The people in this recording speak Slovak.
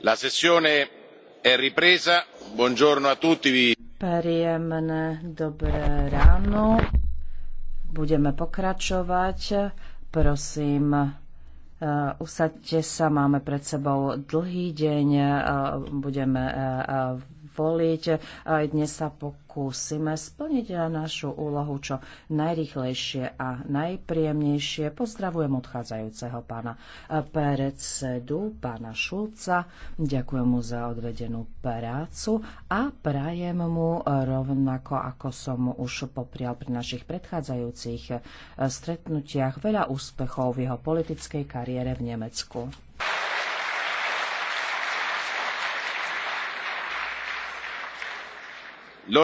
la sessione è ripresa buongiorno a tutti Príjemné dobré ráno. Budeme pokračovať. Prosím, eh, usaďte sa, máme pred sebou dlhý deň, eh, budeme eh, voliť. Aj dnes sa pokúsime splniť našu úlohu čo najrychlejšie a najpríjemnejšie. Pozdravujem odchádzajúceho pána predsedu, pána Šulca. Ďakujem mu za odvedenú prácu a prajem mu rovnako, ako som mu už poprial pri našich predchádzajúcich stretnutiach, veľa úspechov v jeho politickej kariére v Nemecku.